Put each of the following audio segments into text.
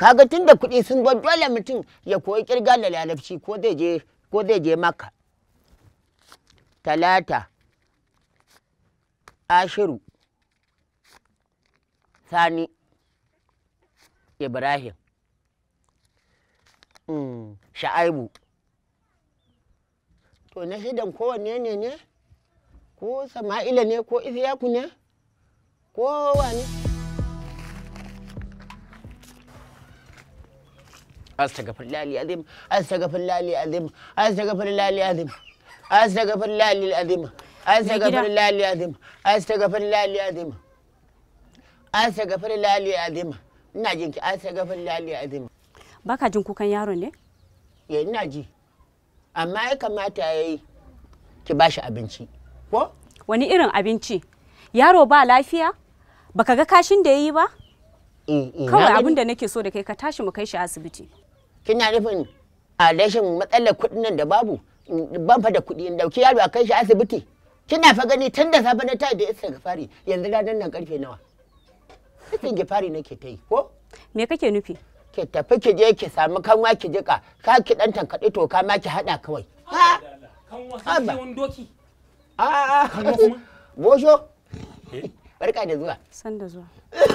kaga tun da kuɗi sun bar dole mutum ya koyi kirga da lalabci ko zai je ko maka talata ashiru sani ibrahim mm, sha'aibu to na shidan kowanne ne ne ko sama'ila ne ko isiyaku ne ko wane baka jin yaron ne eh, ina ji amma ya kamata yi ki shi abinci wani irin abinci yaro ba lafiya baka ga kashin da yayi ba eh, eh, kawai abin da nake so da kai ka tashi mu kai shi asibiti kina nufin a rashin matsalar kuɗin nan da babu ban fa da kuɗi in dauki yaro a kai shi asibiti kina fa gani tun da safe na tayi da isa fari yanzu ranar nan karfe nawa fari nake ta yi ko me kake nufi ki tafi ki je ki samu kanwa ki jika ka ki dan tankaɗe to ka ma ki hada kawai ha kanwa wani doki a a bosho eh. barka da zuwa san da zuwa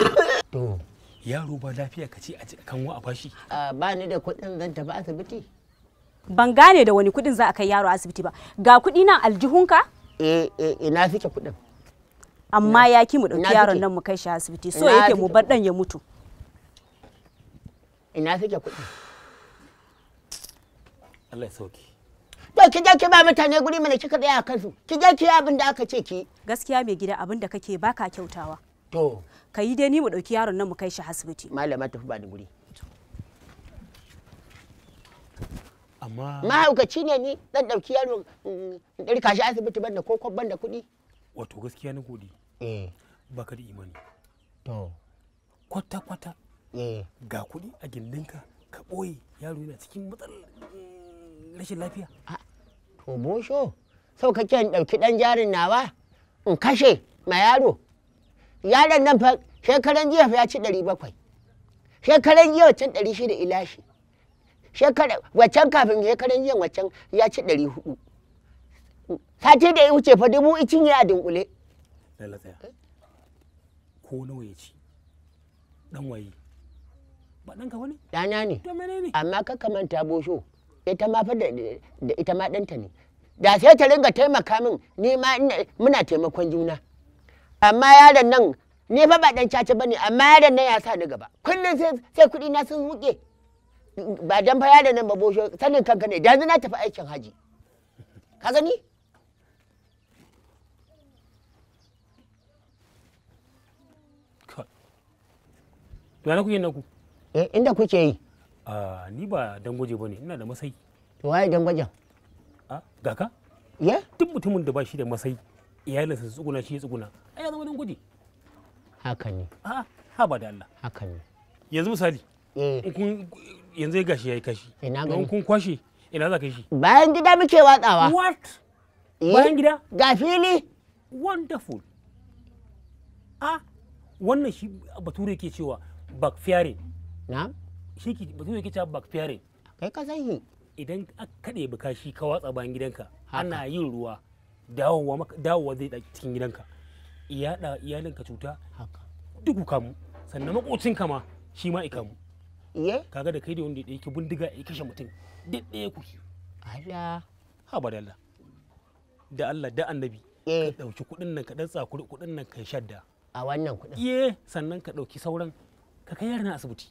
to yaro ba lafiya ka ce a kan wa a bashi ba ni da kuɗin zan tafi asibiti ban gane da wani kuɗin za a kai yaro asibiti ba ga kuɗi nan aljihunka eh, eh ina fike kuɗin amma ya ki mu ɗauki yaron nan mu kai shi asibiti so yake mu bar ɗan ya mutu ina fike kuɗin Allah ya sauki to ki je ki ba mutane guri mana kika tsaya kansu ki je ki abin da aka ce ki gaskiya mai gida abin da kake baka kyautawa to ka yi dai ni mu dauki yaron nan mu kai shi asibiti malama tafi ba da guri amma mahaukaci ne ni dan dauki yaro mm, in dirka shi asibiti banda ko ko banda kuɗi wato gaskiya na gode eh baka da imani to kwata kwata eh ga kuɗi a gindinka ka ɓoye yaro yana cikin matsalar mm, rashin lafiya ah, to bosho sau kake in ɗauki ɗan jarin nawa in kashe ma yaro yaron nan fa shekaran jiya ya ci ɗari bakwai shekaran jiya wancan ɗari shida ilashi shekaran wancan kafin shekaran jiya wancan ya ci ɗari hudu sati da ya wuce fa dubu icin ya dunkule ko nawa ya ci dan waye ba ka wani? ɗana ne amma ka kamanta bosho ita ma fa da ita ma ɗanta ne da sai ta ringa taimaka min ni ma muna taimakon juna amma yaron nan ne fa ba dan caca bane amma yaron nan ya sa ni gaba kullum sai sai kudi na sun wuke ba dan fa yaron nan ba bosho sanin kanka ne dan na tafi aikin haji ka gani Yana kuke nan ku? Eh inda kuke yi? Ah ni ba dangoje bane ina da masai. To waye dangojen? Ah gaka ya Duk mutumin da ba shi da masai iyalinsa su tsuguna shi tsuguna ai ya zama wani gudi haka ne a ha ba da Allah haka ne yanzu misali eh. kun yanzu ya gashi yayi kashi ina ga kun kwashe ina za ka shi bayan gida muke watsawa what eh, bayan gida ga fili wonderful a wannan shi bature ke cewa backfiring na shi ke bature yake cewa backfiring kai ka san idan ka kade buka shi ka watsa bayan gidanka ana yin ruwa dawowa zai cikin gidanka iyada iyalinka cuta duk kamu sannan makocinka ma shi ma ikamu kaga da kai da wanda yake bindiga ya kashe mutum duk ɗaya kuke Allah ha ba Allah da Allah da annabi ka dauki eh. kuɗin nan ka dan tsakuri kuɗin nan ka shadda a wannan kuɗin iya sannan ka dauki sauran ka kai yarin asibiti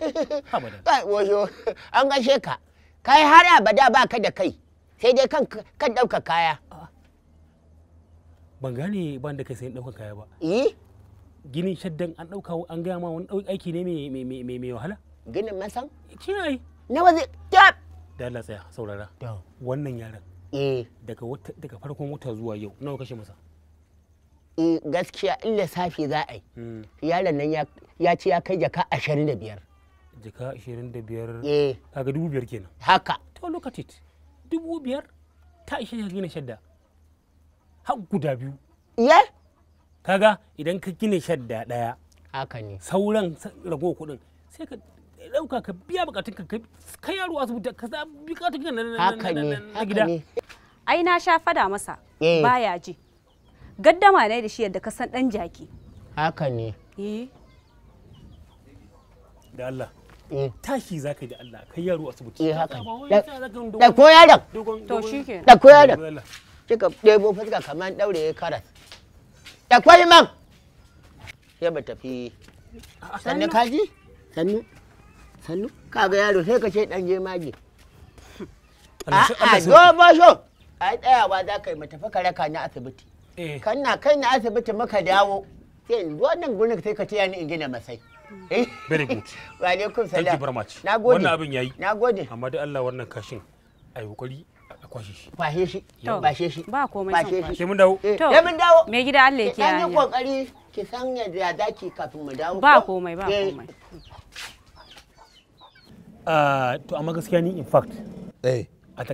ha ba Allah kai wajo an gashe ka kai har abada ba ka da kai sai dai kan kan dauka kaya ban gane ban da kai sai dauka kaya ba eh ginin shaddan an dauka an gaya ma wani aiki ne mai mai wahala ginin masan shi ne nawa zai tab da Allah tsaya saurara wannan yaran eh daga wata daga farkon wata zuwa yau nawa kashe masa eh gaskiya in lissafi za a yi hmm. yaron nan ya ce ya kai jaka 25 jaka 25 eh kaga dubu biyar kenan haka to look at it dubu biyar ta ishe ka gina shadda har guda biyu iya kaga idan ka gina shadda daya haka ne sauran rago kudin sai ka ɗauka ka biya bukatun ka kai yaro asibiti ka sa bukatun ka haka ne. ai na sha fada masa eh. baya ji gaddama ne da shi yadda ka san dan jaki haka ne eh da Allah Eh. tashi za ka yi da Allah kai yaro asibiti eh haka da ko yaron to shikenan da ko yaron kika ɗebo fuska kamar daure ya karas da kwai man ya ba tafi sannu kaji sannu sannu kaga yaro sai ka ce dan je maji a'a dobo so a ba za ka yi mata fa raka na asibiti eh. kan na kai na asibiti muka dawo sai wannan gurin sai ka ce ni in gina masai Eh. very good wa alaikum salam thank you very much na gode wannan abin yayi na gode amma dai Allah wannan kashin ai hukuri a kwashe shi kwashe shi bashe shi ba komai bashe shi ke mun dawo eh. to ke mun dawo me gida Allah ya kiyaye ki kokari ki san yadda zaki kafin mu dawo ba komai ba eh. komai ah, to amma gaskiya ni in fact eh a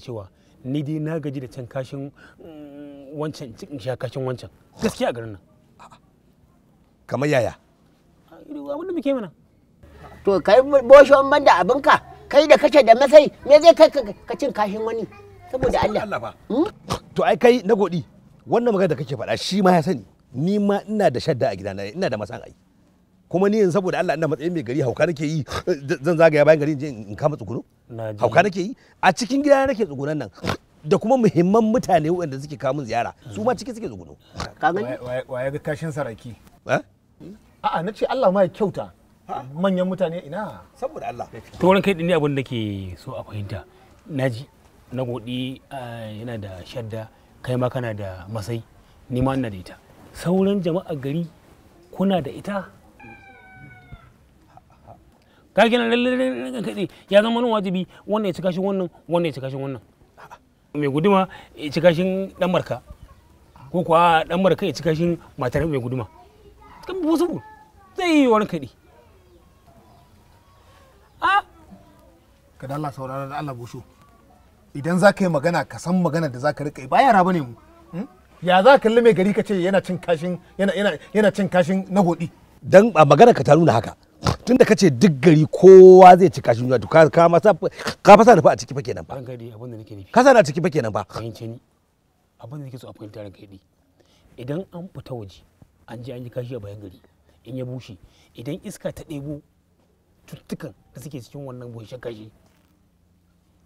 cewa ni dai na gaji da can kashin mm, wancan cikin sha kashin wancan gaskiya garin nan kamar yaya abin da muke mana to kai boshi wani banda ka kai da kace da masai me zai kai ka cin kashin wani saboda Allah hmm? to ai kai na godi wannan magana da kake faɗa shi ma ya sani ni ma ina da shadda a gidana ina da masan ai kuma ni yanzu saboda Allah ina matsayin mai gari hauka nake yi zan zagaya bayan gari in kama tsugunu hauka nake yi a cikin gida nake tsugunan nan da kuma muhimman mutane waɗanda suke kawo mun ziyara su ma ciki suke tsuguno ka gani waye ga kashin saraki eh hmm? a'a na ce Allah ma ya kyauta manyan mutane ina saboda Allah to wurin kai dinni abin da ke so a fahimta naji na godi yana da shadda kai ma kana da masai ni ma ina da ita sauran jama'a gari kuna da ita ka gina lalle ya zama wani wajibi wannan ya cika shi wannan wannan ya cika shi wannan mai guduma ya cika shi dan marka ko kuwa dan marka ya cika shi matar mai guduma kan bu zai yi wani kaɗi a ka da Allah saurara da Allah busho idan za ka yi magana ka san magana da za ka riƙa yi ba yara bane mu hmm? ya za ka kalli gari ka ce yana cin kashin yana yana yana cin kashin na godi dan a magana ka ta nuna haka tunda ka ce duk gari kowa zai ci kashin juna to ka ka masa ka fasa da fa a ciki fa kenan ba. ranka abin da nake nufi ka sa a ciki fa kenan ba. fahimce ni abin da nake so a fahimta ranka dai idan an fita waje an je an yi kashi a bayan gari in ya bushe idan iska ta ɗebo cututtukan da suke cikin wannan bushe kashi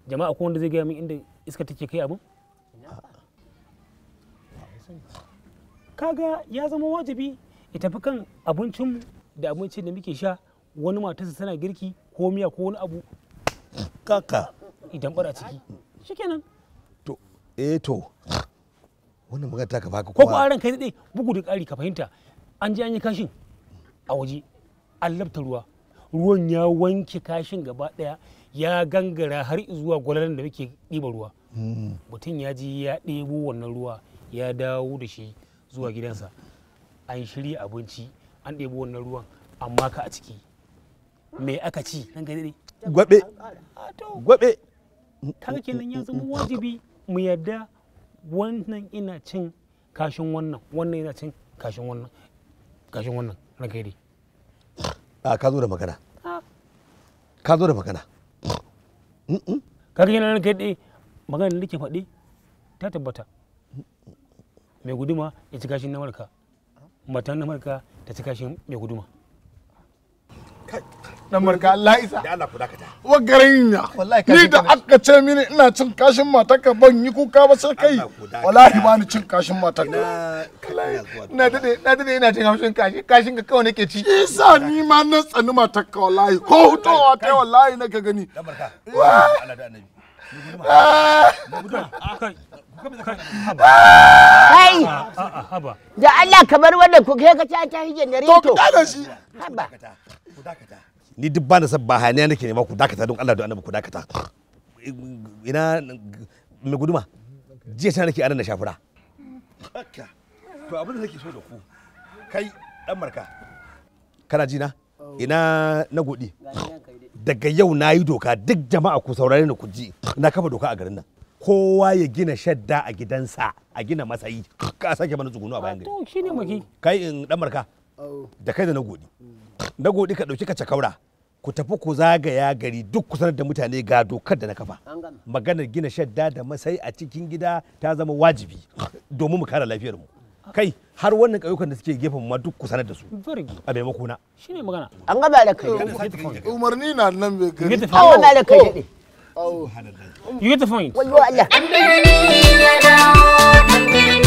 jama'a ko wanda zai gaya min inda iska take kai abin kaga ya zama wajibi ya tafi kan abincinmu da abincin da muke sha wani matarsa tana girki ko miya ko wani abu kaka idan bara ciki shikenan to eh to wannan magana ta ka baka ko ko aran kai dai bugu da ƙari ka fahimta an je an yi kashin a waje an labta ruwa ruwan ya wanke kashin gaba daya ya gangara har zuwa gwalalan da muke ɗiba ruwa hmm. mutum ya ji ya ɗebo wannan ruwa ya dawo da shi zuwa gidansa an shirya abinci an ɗebo wannan ruwan amma ka a ciki me aka ci nan gani ne gwabe gwabe kaga kenan ya zama wajibi mu yadda wannan ina cin kashin wannan wannan ina cin kashin wannan kashin wannan ragari a ah, ka zo da magana ah. ka zo da magana kaga yana ranka dai magana da nake faɗi ta tabbata mai guduma ya ci gashin na marka matan na marka ta ci gashin mai guduma na marka Allah isa da Allah ku dakata wa garin ya ni da aka ce mini ina cin kashin matarka ban yi kuka ba sai kai wallahi ba ni cin kashin matarka na dade na dade ina cin kashin kashi kashin ka kawai nake ci isa ni ma na tsani matarka wallahi ko hutowa kai wallahi na ka gani dan marka Allah da annabi ah. ah, Kai! Ah. Da Allah kamar wannan ku kai ka ta hijin da rito. To, ku dakata shi. Haba. Ku dakata. ni duk ba na san ba hayaniya nake nema ku dakata don Allah da annabi ku dakata ina mai guduma jiya ta nake anan na shafura haka to abin da nake so da ku kai dan marka kana ji na ina na godi daga yau na yi doka duk jama'a ku saurare ni ku ji na kafa doka a garin nan kowa ya gina shadda a gidansa a gina masayi ka sake mana tsugunu a bayan gari to shine muke kai in dan marka da kai da na godi na godi ka dauki ka cakaura ku tafi ku zagaya gari duk kusan da mutane ga dokar da na kafa maganar gina shadda da masai a cikin gida ta zama wajibi domin mu kare lafiyar mu kai har wannan ƙauyukan da suke gefen ma duk sanar da su a bai makuna shine magana an gaba da kai umarni na nan bai gari an gaba da kai dade you get the point wallahi Allah